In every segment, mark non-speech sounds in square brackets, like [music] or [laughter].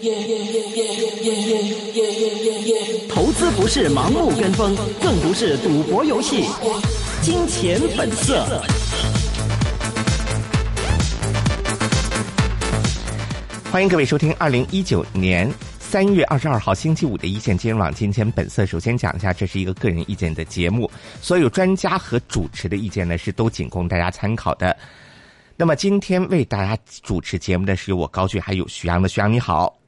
Yeah, yeah, yeah, yeah, yeah, yeah, yeah, yeah, 投資不是盲目跟風，更不是賭博遊戲。金錢本色。歡迎各位收聽二零一九年三月二十二號星期五的一線金融網《金錢本色》。首先講一下，這是一個個人意見的節目，所有專家和主持的意見呢是都僅供大家參考的。那麼今天為大家主持節目的是我高俊，還有徐陽的徐陽，你好。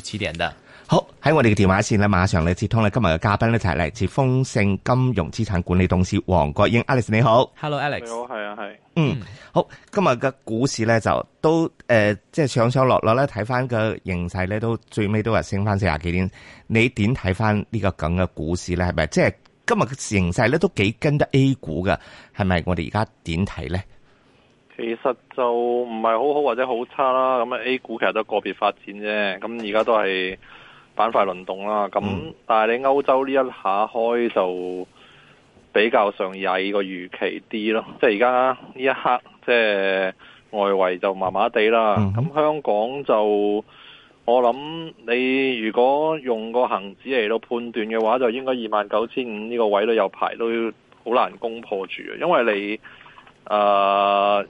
起點嘅好喺我哋嘅電話線咧，馬上咧接通咧今日嘅嘉賓咧就係、是、嚟自豐盛金融資產管理董事黃國英，Alex 你好，Hello Alex，你好係啊係，嗯好，今日嘅股市咧就都誒即係上上落落咧睇翻個形勢咧都最尾都係升翻四廿幾點，你點睇翻呢個咁嘅股市咧係咪？即係、就是、今日嘅形勢咧都幾跟得 A 股噶，係咪？我哋而家點睇咧？其實就唔係好好或者好差啦，咁 A 股其實都個別發展啫，咁而家都係板塊輪動啦。咁但係你歐洲呢一下開就比較上曳個預期啲咯，即係而家呢一刻，即係外圍就麻麻地啦。咁、mm -hmm. 香港就我諗你如果用個恒指嚟到判斷嘅話，就應該二萬九千五呢個位都有排，都好難攻破住嘅，因為你誒。呃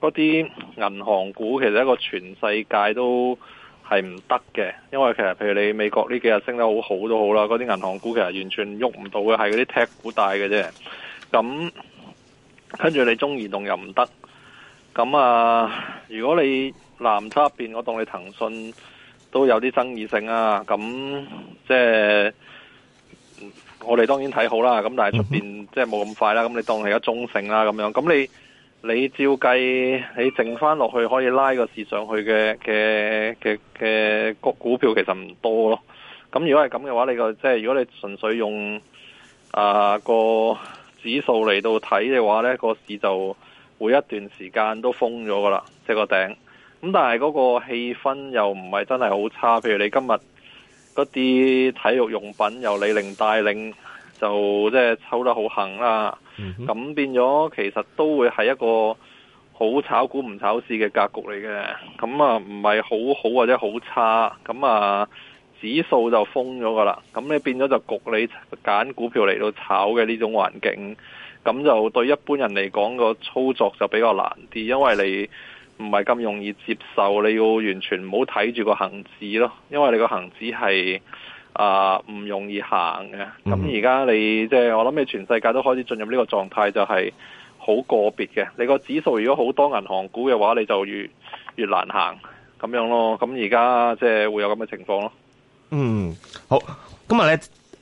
嗰啲銀行股其實一個全世界都係唔得嘅，因為其實譬如你美國呢幾日升得好好都好啦，嗰啲銀行股其實完全喐唔到嘅，係嗰啲踢股帶嘅啫。咁跟住你中移動又唔得，咁啊，如果你南側邊，我當你騰訊都有啲爭議性啊。咁即係我哋當然睇好啦，咁但係出邊即係冇咁快啦。咁你當係一中性啦，咁樣咁你。你照計，你剩翻落去可以拉個市上去嘅嘅嘅嘅股票，其實唔多咯。咁如果係咁嘅話，你個即係如果你純粹用啊個指數嚟到睇嘅話，呢個市就會一段時間都封咗噶啦，即係個頂。咁但係嗰個氣氛又唔係真係好差，譬如你今日嗰啲體育用品由李寧帶領就，就即係抽得好行啦。咁、嗯、變咗，其實都會係一個好炒股唔炒市嘅格局嚟嘅。咁啊，唔係好好或者好差。咁啊，指數就封咗噶啦。咁你變咗就焗你揀股票嚟到炒嘅呢種環境。咁就對一般人嚟講個操作就比較難啲，因為你唔係咁容易接受。你要完全唔好睇住個恒指咯，因為你個恒指係。啊，唔容易行嘅。咁而家你即係我諗，你全世界都開始進入呢個狀態，就係、是、好個別嘅。你個指數如果好多銀行股嘅話，你就越越難行咁樣咯。咁而家即係會有咁嘅情況咯。嗯，好。今日咧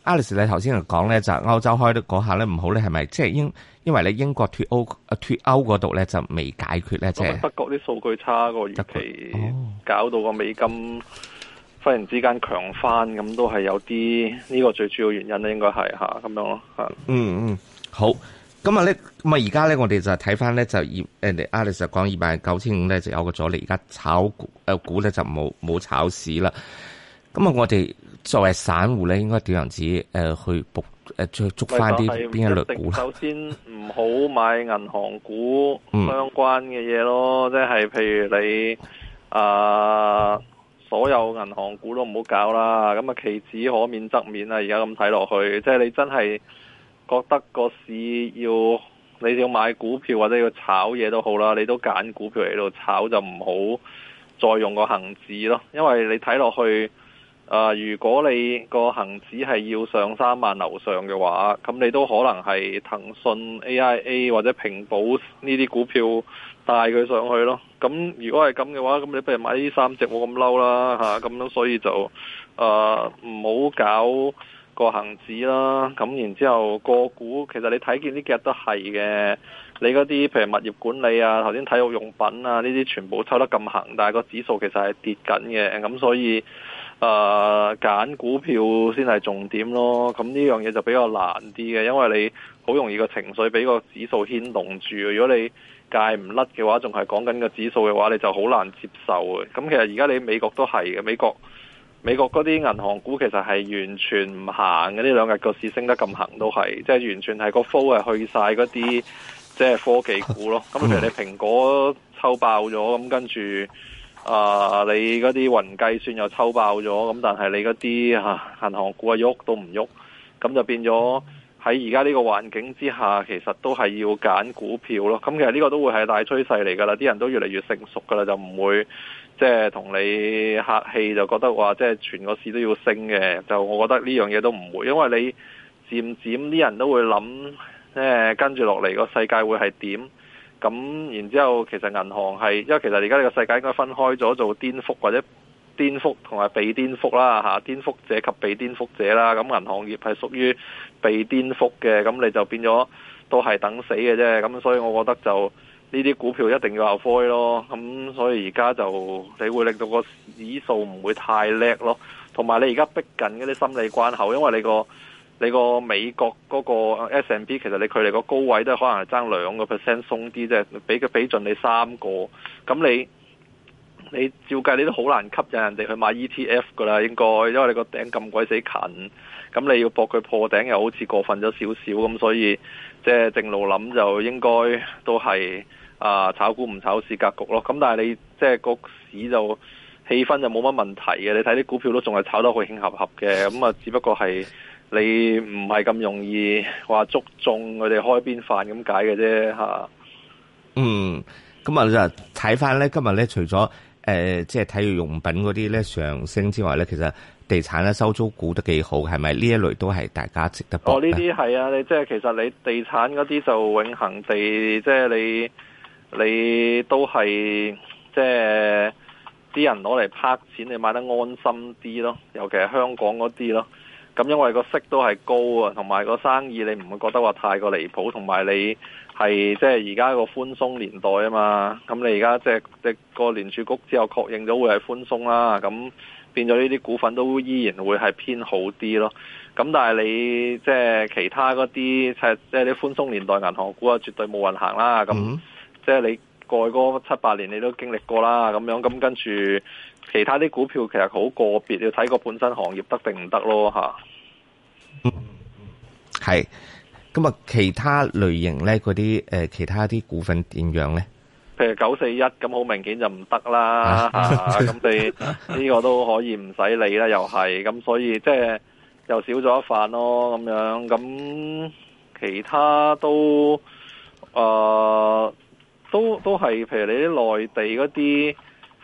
，Alice 你頭先嚟講咧，就歐、是、洲開得嗰下咧唔好咧，係咪即係英？因為你英國脫歐脫歐嗰度咧就未解決咧，即、就、係、是。不過啲數據差過預期，哦，搞到個美金。忽然之間強翻，咁都係有啲呢、這個最主要原因咧，應該係吓咁樣咯，吓。嗯嗯，好。咁啊咧，咁啊而家咧，我哋就睇翻咧，就以、啊、二誒 Alex 講二萬九千五咧，就有個阻力。而家炒誒股咧、啊、就冇冇炒市啦。咁啊，我哋作為散戶咧，應該點樣子誒去誒？再捉翻啲邊一類股咧？首先唔好買銀行股相關嘅嘢咯，嗯、即係譬如你啊。所有銀行股都唔好搞啦，咁啊，旗止可免則免啊！而家咁睇落去，即係你真係覺得個市要你要買股票或者要炒嘢都好啦，你都揀股票嚟度炒就唔好再用個恆指咯，因為你睇落去。啊、呃！如果你個恒指係要上三萬樓上嘅話，咁你都可能係騰訊 A I A 或者平保呢啲股票帶佢上去咯。咁如果係咁嘅話，咁你不如買呢三隻冇咁嬲啦嚇。咁、啊、所以就啊，唔、呃、好搞個恒指啦。咁然之後個股其實你睇見呢幾日都係嘅，你嗰啲譬如物業管理啊、頭先體育用品啊呢啲，全部抽得咁行，但係個指數其實係跌緊嘅，咁所以。誒，揀股票先係重點咯，咁呢樣嘢就比較難啲嘅，因為你好容易個情緒俾個指數牽動住。如果你戒唔甩嘅話，仲係講緊個指數嘅話，你就好難接受嘅。咁、嗯、其實而家你美國都係嘅，美國美國嗰啲銀行股其實係完全唔行嘅。呢兩日個市升得咁行都係，即係完全係個 flow 係去晒嗰啲即係科技股咯。咁其實你蘋果抽爆咗，咁跟住。啊！你嗰啲雲計算又抽爆咗，咁但係你嗰啲吓銀行股啊喐都唔喐，咁就變咗喺而家呢個環境之下，其實都係要揀股票咯。咁、嗯、其實呢個都會係大趨勢嚟噶啦，啲人都越嚟越成熟噶啦，就唔會即係同你客氣，就覺得話即係全個市都要升嘅。就我覺得呢樣嘢都唔會，因為你漸漸啲人都會諗誒、呃，跟住落嚟個世界會係點？咁然之後，其實銀行係，因為其實而家呢個世界應該分開咗做顛覆或者顛覆同埋被顛覆啦嚇，顛覆者及被顛覆者啦。咁銀行業係屬於被顛覆嘅，咁你就變咗都係等死嘅啫。咁所以我覺得就呢啲股票一定要後開咯。咁所以而家就你會令到個指數唔會太叻咯，同埋你而家逼近嗰啲心理關口，因為你個，你個美國嗰個 S and P 其實你距離個高位都可能係爭兩個 percent 鬆啲即係俾佢俾盡你三個。咁你你照計你都好難吸引人哋去買 ETF 㗎啦，應該因為你個頂咁鬼死近，咁你要博佢破頂又好似過分咗少少，咁所以即係正路諗就應該都係啊炒股唔炒市格局咯。咁但係你即係、就是、個市就氣氛就冇乜問題嘅，你睇啲股票都仲係炒得好興合合嘅，咁啊只不過係。你唔係咁容易話捉中佢哋開邊飯咁解嘅啫吓。嗯，咁啊就睇翻咧，今日咧除咗誒、呃，即係體育用品嗰啲咧上升之外咧，其實地產咧收租股都幾好，係咪？呢一類都係大家值得。哦，呢啲係啊，你即係其實你地產嗰啲就永恒地，即係你你都係即係啲人攞嚟拍錢，你買得安心啲咯，尤其係香港嗰啲咯。咁因為個息都係高啊，同埋個生意你唔會覺得話太過離譜，同埋你係即係而家個寬鬆年代啊嘛。咁你而家即係個聯儲局之後確認咗會係寬鬆啦，咁變咗呢啲股份都依然會係偏好啲咯。咁但係你即係其他嗰啲即係啲寬鬆年代銀行股啊，絕對冇運行啦。咁即係你過去嗰七八年你都經歷過啦，咁樣咁跟住其他啲股票其實好個別，你要睇個本身行業得定唔得咯。嗯，係，咁啊，其他類型咧，嗰啲誒，其他啲股份點樣咧？譬如九四一咁，好明顯就唔得啦，咁、啊、 [laughs] 你呢個都可以唔使理啦，又係，咁所以即係又少咗一份咯，咁樣，咁其他都啊、呃，都都係譬如你啲內地嗰啲。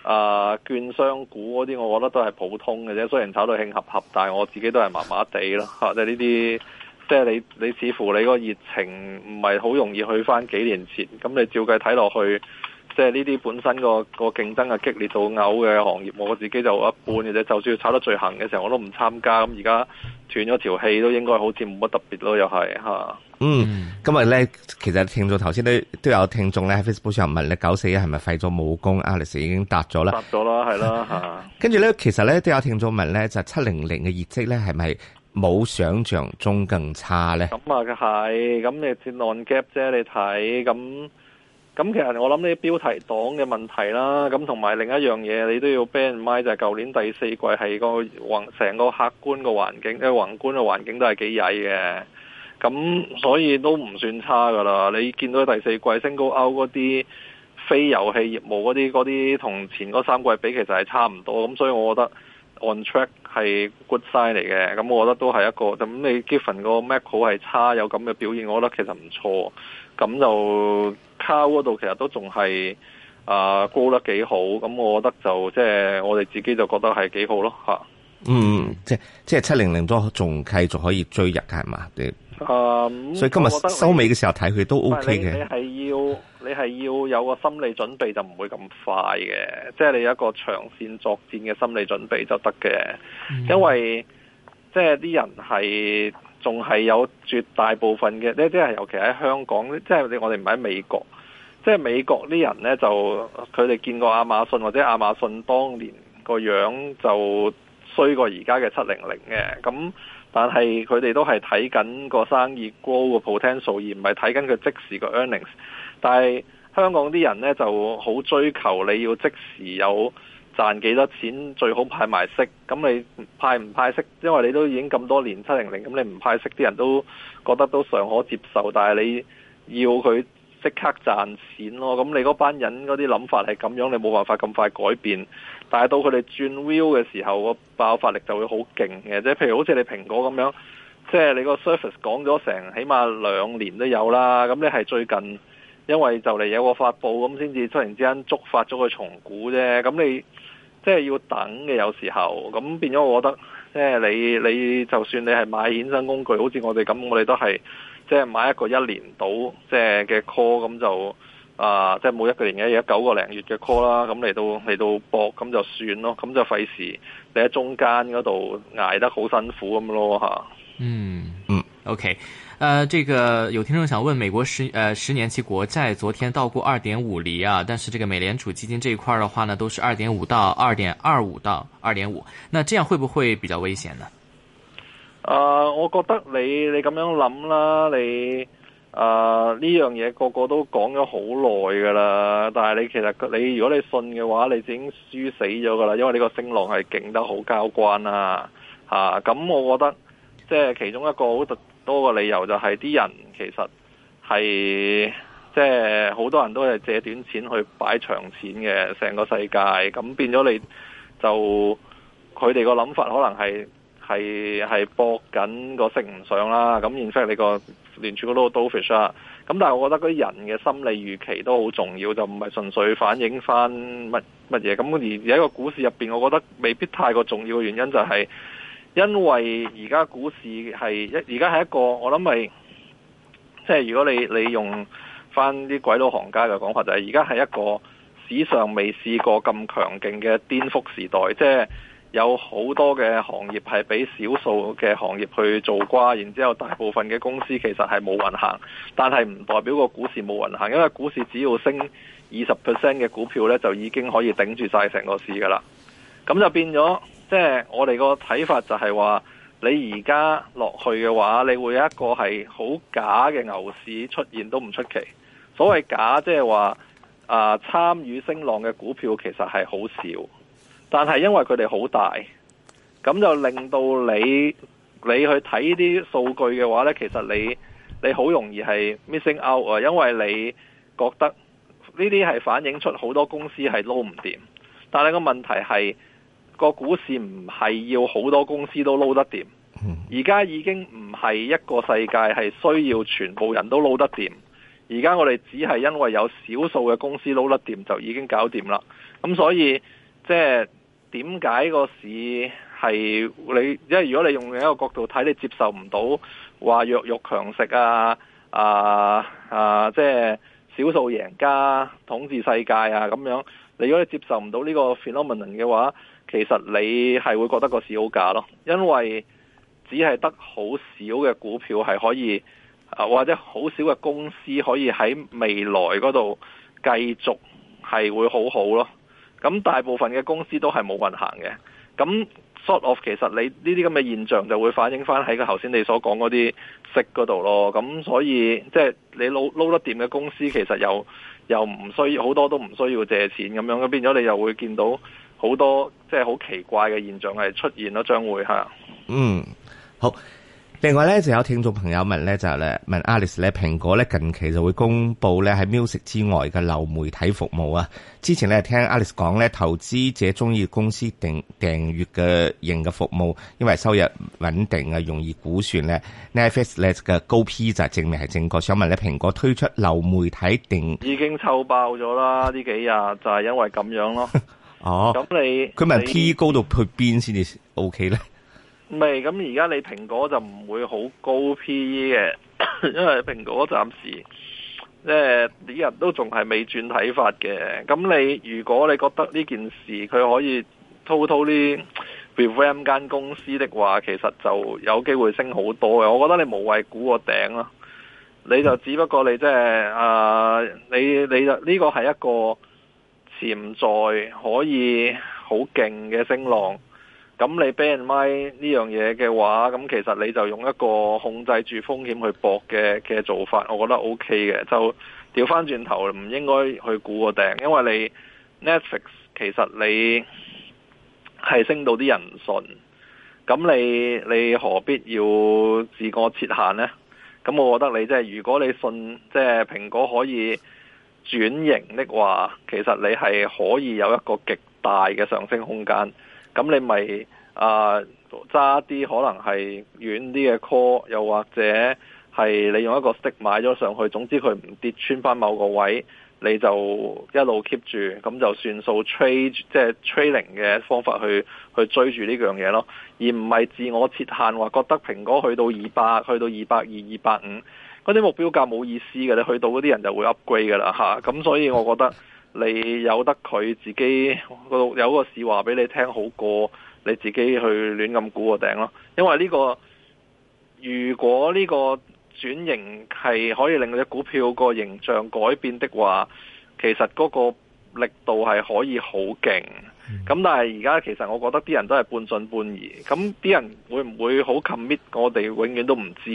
啊，券商股嗰啲，我覺得都係普通嘅啫。雖然炒到興合合，但係我自己都係麻麻地咯。嚇、即係，即係呢啲，即係你你似乎你個熱情唔係好容易去翻幾年前。咁你照計睇落去。即係呢啲本身個個競爭係激烈到嘔嘅行業，我自己就一半嘅啫。而且就算要炒得最行嘅時候，我都唔參加。咁而家斷咗條氣，都應該好似冇乜特別咯，又係吓。嗯，今日咧，其實聽眾頭先都都有聽眾咧喺 Facebook 上問你九四一係咪廢咗武功？Alex 已經答咗啦，答咗啦，係啦吓。跟住咧，其實咧都有聽眾問咧，就七零零嘅業績咧係咪冇想象中更差咧？咁啊係，咁你戰浪 gap 啫，你睇咁。咁其實我諗呢啲標題黨嘅問題啦，咁同埋另一樣嘢，你都要 ban 埋就係舊年第四季係個成個客觀嘅環境，即係宏觀嘅環境都係幾曳嘅，咁所以都唔算差㗎喇。你見到第四季升高歐嗰啲非遊戲業務嗰啲嗰啲，同前嗰三季比其實係差唔多，咁所以我覺得。On track 係 good sign 嚟嘅，咁我覺得都係一個。咁你 Giffen 個 Mac 好係差，有咁嘅表現，我覺得其實唔錯。咁就卡嗰度其實都仲係啊高得幾好，咁我覺得就即係、就是、我哋自己就覺得係幾好咯嚇。嗯，即係即係七零零都仲繼續可以追入係嘛？Um, 所以今日收尾嘅時候睇佢都 OK 嘅。你係要你係要有個心理準備就唔會咁快嘅，即係你有一個長線作戰嘅心理準備就得嘅。嗯，因為即係啲人係仲係有絕大部分嘅，呢啲係尤其喺香港，即係我哋唔喺美國，即係美國啲人呢，就佢哋見過亞馬遜或者亞馬遜當年個樣就衰過而家嘅七零零嘅咁。但係佢哋都係睇緊個生意 grow 個 potential，而唔係睇緊佢即時個 earnings。但係香港啲人呢就好追求你要即時有賺幾多錢，最好派埋息。咁你派唔派息？因為你都已經咁多年七零零，咁你唔派息啲人都覺得都尚可接受。但係你要佢即刻賺錢咯，咁你嗰班人嗰啲諗法係咁樣，你冇辦法咁快改變。但係到佢哋轉 view 嘅時候，個爆發力就會好勁嘅。即係譬如好似你蘋果咁樣，即係你個 service 講咗成起碼兩年都有啦。咁你係最近因為就嚟有個發布，咁先至突然之間觸發咗個重估啫。咁你即係要等嘅，有時候咁變咗。我覺得即係你你就算你係買衍生工具，好似我哋咁，我哋都係。即、就、係、是、即係買一個一年到，即係嘅 call 咁就啊，即係每一個年嘅而家九個零月嘅 call 啦，咁嚟到嚟到搏咁就算咯，咁就費事你喺中間嗰度捱得好辛苦咁咯吓。嗯嗯，OK，誒、呃，呢個有聽眾想問，美國十誒、呃、十年期國債昨天到過二點五厘啊，但是呢個美聯儲基金呢，一塊嘅話呢，都係二點五到二點二五到二點五，那這樣會唔會比較危險呢？.啊、uh，我覺得你你咁樣諗啦，你啊呢樣嘢，uh, 個個都講咗好耐㗎啦。但係你其實你如果你信嘅話，你已經輸死咗㗎啦，因為呢個升浪係勁得好交關啦、啊、嚇。咁、uh, 我覺得即係、就是、其中一個好多個理由就係、是、啲人其實係即係好多人都係借短錢去擺長錢嘅，成個世界咁變咗你就佢哋個諗法可能係。係係搏緊個升唔上啦，咁然之後你個連住個都都 fish 啦。咁但係我覺得嗰啲人嘅心理預期都好重要，就唔係純粹反映翻乜乜嘢。咁而而喺個股市入邊，我覺得未必太過重要嘅原因就係因為而家股市係一而家係一個我諗係即係如果你你用翻啲鬼佬行家嘅講法，就係而家係一個史上未試過咁強勁嘅顛覆時代，即係。有好多嘅行業係俾少數嘅行業去做瓜，然之後大部分嘅公司其實係冇運行，但係唔代表個股市冇運行，因為股市只要升二十 percent 嘅股票呢，就已經可以頂住曬成個市噶啦。咁就變咗，即係我哋個睇法就係話，你而家落去嘅話，你會有一個係好假嘅牛市出現都唔出奇。所謂假，即係話啊，參與升浪嘅股票其實係好少。但係因為佢哋好大，咁就令到你你去睇啲數據嘅話呢，其實你你好容易係 missing out 啊，因為你覺得呢啲係反映出好多公司係撈唔掂。但係個問題係個股市唔係要好多公司都撈得掂。而家已經唔係一個世界係需要全部人都撈得掂。而家我哋只係因為有少數嘅公司撈得掂就已經搞掂啦。咁所以即係。點解個市係你？因為如果你用另一個角度睇，你接受唔到話弱肉強食啊、啊啊，即係少數贏家統治世界啊咁樣。你如果你接受唔到呢個 phenomenon 嘅話，其實你係會覺得個市好假咯。因為只係得好少嘅股票係可以，或者好少嘅公司可以喺未來嗰度繼續係會好好咯。咁大部分嘅公司都係冇運行嘅，咁 short of 其實你呢啲咁嘅現象就會反映翻喺個頭先你所講嗰啲息嗰度咯，咁所以即係、就是、你撈得掂嘅公司其實又又唔需要好多都唔需要借錢咁樣，變咗你又會見到好多即係好奇怪嘅現象係出現咯，將會吓嗯，好。另外咧，就有聽眾朋友問咧，就咧問 Alice 咧，蘋果咧近期就會公布咧喺 Music 之外嘅流媒體服務啊。之前咧聽 Alice 講咧，投資者中意公司訂訂閱嘅型嘅服務，因為收入穩定啊，容易估算咧。Netflix 咧嘅高 P 就係證明係正確。想問咧，蘋果推出流媒體訂，已經臭爆咗啦！呢幾日就係因為咁樣咯。哦，咁你佢問 P 高到去邊先至 OK 咧？未咁，而家你蘋果就唔會好高 PE 嘅， [coughs] 因為蘋果暫時，即係啲人都仲係未轉睇法嘅。咁你如果你覺得呢件事佢可以 totally revamp 間公司的話，其實就有機會升好多嘅。我覺得你無謂估個頂咯，你就只不過你即係啊，你你就呢個係一個潛在可以好勁嘅升浪。咁你 bear in mind 呢樣嘢嘅話，咁其實你就用一個控制住風險去搏嘅嘅做法，我覺得 OK 嘅。就調翻轉頭，唔應該去估個頂，因為你 Netflix 其實你係升到啲人唔信，咁你你何必要自個設限咧？咁我覺得你即係如果你信即係蘋果可以轉型的話，其實你係可以有一個極大嘅上升空間。咁你咪啊揸啲可能係遠啲嘅 call，又或者係你用一個 stick 買咗上去，總之佢唔跌穿翻某個位，你就一路 keep 住，咁就算數 trade 即係 trading 嘅方法去去追住呢樣嘢咯，而唔係自我設限話覺得蘋果去到二百，去到二百二、二百五，嗰啲目標價冇意思嘅，你去到嗰啲人就會 upgrade 噶啦吓，咁、啊、所以我覺得。你有得佢自己度有個事話俾你聽好過你自己去亂咁估個頂咯，因為呢個如果呢個轉型係可以令隻股票個形象改變的話，其實嗰個力度係可以好勁。咁但係而家其實我覺得啲人都係半信半疑，咁啲人會唔會好 commit？我哋永遠都唔知。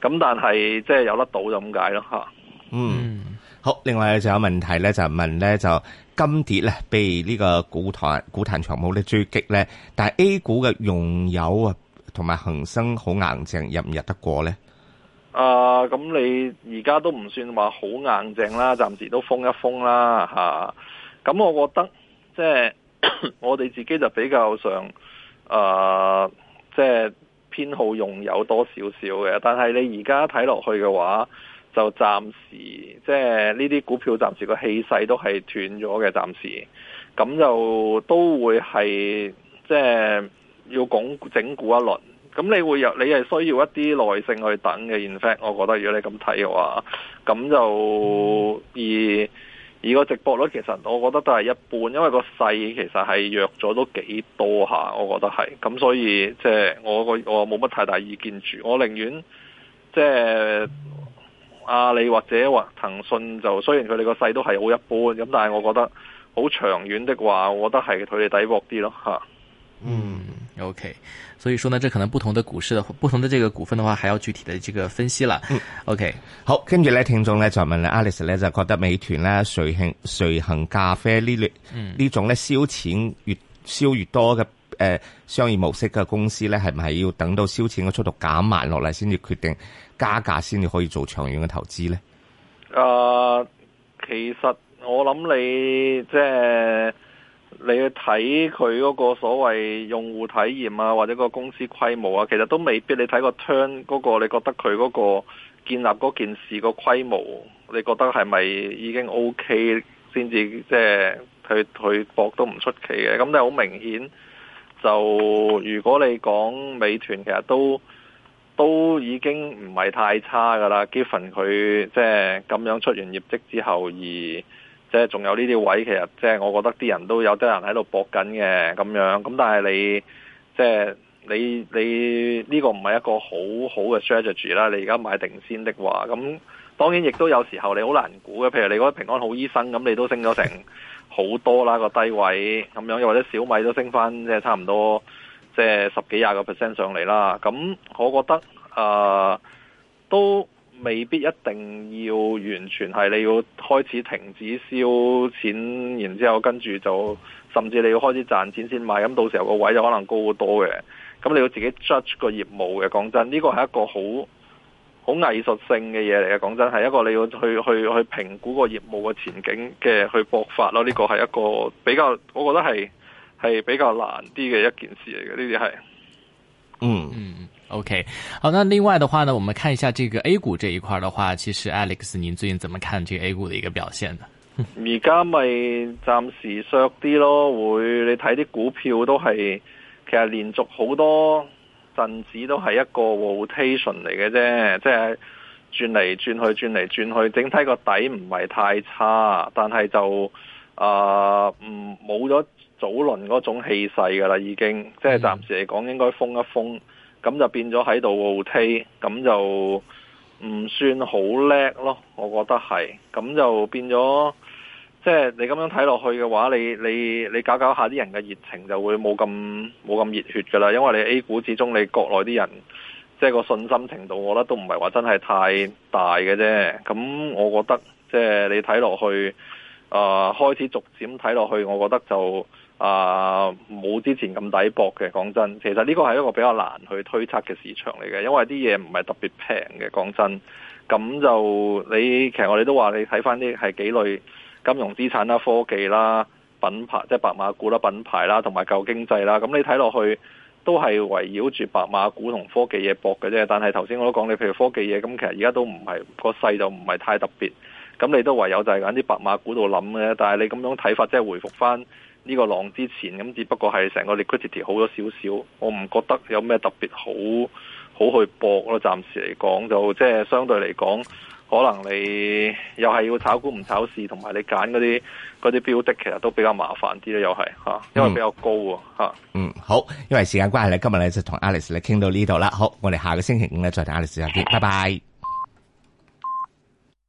咁但係即係有得到就咁解咯吓嗯。Mm. 好，另外就有問題咧，就問咧就金蝶咧，被呢個股壇股壇長毛咧追擊咧，但係 A 股嘅用友啊同埋恒生好硬淨入唔入得過咧？啊，咁你而家都唔算話好硬淨啦，暫時都封一封啦咁、啊、我覺得即係、就是、我哋自己就比較上啊，即、就、係、是、偏好用友多少少嘅，但係你而家睇落去嘅話。就暫時即係呢啲股票，暫時個氣勢都係斷咗嘅。暫時咁就都會係即係要講整固一輪。咁你會有你係需要一啲耐性去等嘅。In fact，我覺得如果你咁睇嘅話，咁就而而個值博率其實我覺得都係一般，因為個勢其實係弱咗都幾多下，我覺得係咁，所以即係我個我冇乜太大意見住，我寧願即係。阿、啊、里或者或騰訊就雖然佢哋個勢都係好一般咁，但係我覺得好長遠的話，我覺得係佢哋抵搏啲咯吓。嗯，OK，所以說呢，這可能不同的股市，不同的這個股份的話，還要具體的這個分析啦，嗯。OK，好，跟住呢，聽眾呢，就問咧，Alex 咧就覺得美團咧、瑞幸、瑞幸咖啡這類、嗯、這種呢類呢種咧燒錢越燒越多嘅。誒，商業模式嘅公司呢，係唔係要等到燒錢嘅速度減慢落嚟，先至決定加價，先至可以做長遠嘅投資呢？誒、呃，其實我諗你即係、就是、你去睇佢嗰個所謂用戶體驗啊，或者個公司規模啊，其實都未必。你睇個 turn 嗰、那個，你覺得佢嗰個建立嗰件事個規模，你覺得係咪已經 OK 先至？即係佢佢搏都唔出奇嘅，咁你好明顯。就如果你講美團，其實都都已經唔係太差噶啦。Given 佢即係咁樣出完業績之後，而即係仲有呢啲位，其實即係我覺得啲人都有啲人喺度搏緊嘅咁樣。咁但係你即係你你呢個唔係一個好好嘅 strategy 啦。你而家買定先的話，咁當然亦都有時候你好難估嘅。譬如你嗰平安好醫生咁，那你都升咗成。好多啦，個低位咁樣，又或者小米都升翻，即係差唔多即係、就是、十幾廿個 percent 上嚟啦。咁我覺得誒、呃，都未必一定要完全係你要開始停止燒錢，然後之後跟住就甚至你要開始賺錢先買。咁到時候個位就可能高好多嘅。咁你要自己 judge 個業務嘅。講真，呢個係一個好。好藝術性嘅嘢嚟嘅，講真係一個你要去去去評估個業務嘅前景嘅去博發咯，呢、這個係一個比較，我覺得係係比較難啲嘅一件事嚟嘅，呢啲係。嗯嗯，OK，好，那另外的話呢，我們看一下這個 A 股這一塊的話，其實 Alex，您最近怎麼看這個 A 股的一個表現呢？而家咪暫時削啲咯，會你睇啲股票都係，其實連續好多。陣子都係一個 rotation 嚟嘅啫，即係轉嚟轉去，轉嚟轉去，整體個底唔係太差，但係就啊，唔冇咗早輪嗰種氣勢㗎啦，已經，即係暫時嚟講應該封一封，咁就變咗喺度 rotate，咁就唔算好叻咯，我覺得係，咁就變咗。即、係你咁樣睇落去嘅話，你你你搞搞下啲人嘅熱情就會冇咁冇咁熱血㗎喇。因為你 A 股始終，你國內啲人即係個信心程度，我覺得都唔係話真係太大嘅啫。咁我覺得即係你睇落去啊、呃，開始逐漸睇落去，我覺得就啊冇、呃、之前咁抵博嘅。講真，其實呢個係一個比較難去推測嘅市場嚟嘅，因為啲嘢唔係特別平嘅。講真，咁就你其實我哋都話你睇返啲係幾類。金融資產啦、啊、科技啦、啊、品牌即係、就是、白馬股啦、啊、品牌啦、啊，同埋舊經濟啦、啊。咁你睇落去都係圍繞住白馬股同科技嘢搏嘅啫。但係頭先我都講，你譬如科技嘢，咁其實而家都唔係、個勢就唔係太特別。咁你都唯有就係揀啲白馬股度諗嘅。但係你咁樣睇法，即、就、係、是、回覆翻呢個浪之前，咁只不過係成個 liquidity 好咗少少。我唔覺得有咩特別好好去搏咯。暫時嚟講，就即、是、係相對嚟講。可能你又係要炒股唔炒市，同埋你揀嗰啲嗰啲標的，其實都比較麻煩啲咧，又係吓，因為比較高喎。吓、嗯。嗯，好，因為時間關係咧，今日咧就同 Alex 咧傾到呢度啦。好，我哋下個星期五咧再同 Alex 一，拜拜。